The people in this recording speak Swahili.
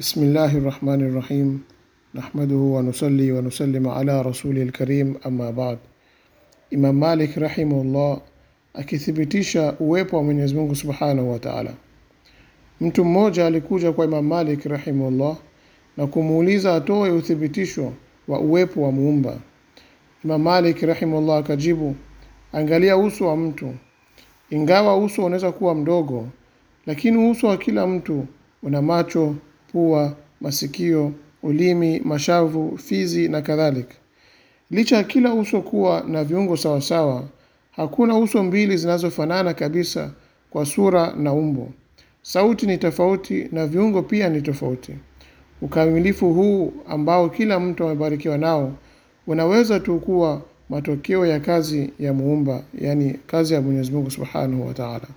Bismillahi rahmani rahim nahmaduhu wanusalli wanusallimu ala rasuli lkarim amma bad. Imam Malik rahimahullah akithibitisha uwepo wa Mwenyezi Mungu subhanahu wa taala. Mtu mmoja alikuja kwa Imam Malik rahimahullah na kumuuliza atoe uthibitisho wa uwepo wa Muumba. Imam Malik rahimahullah akajibu, angalia uso wa mtu. Ingawa uso unaweza kuwa mdogo, lakini uso wa kila mtu una macho pua, masikio, ulimi, mashavu, fizi na kadhalika. Licha ya kila uso kuwa na viungo sawasawa, hakuna uso mbili zinazofanana kabisa kwa sura na umbo. Sauti ni tofauti na viungo pia ni tofauti. Ukamilifu huu ambao kila mtu amebarikiwa nao unaweza tu kuwa matokeo ya kazi ya Muumba, yani kazi ya Mwenyezi Mungu Subhanahu wa Ta'ala.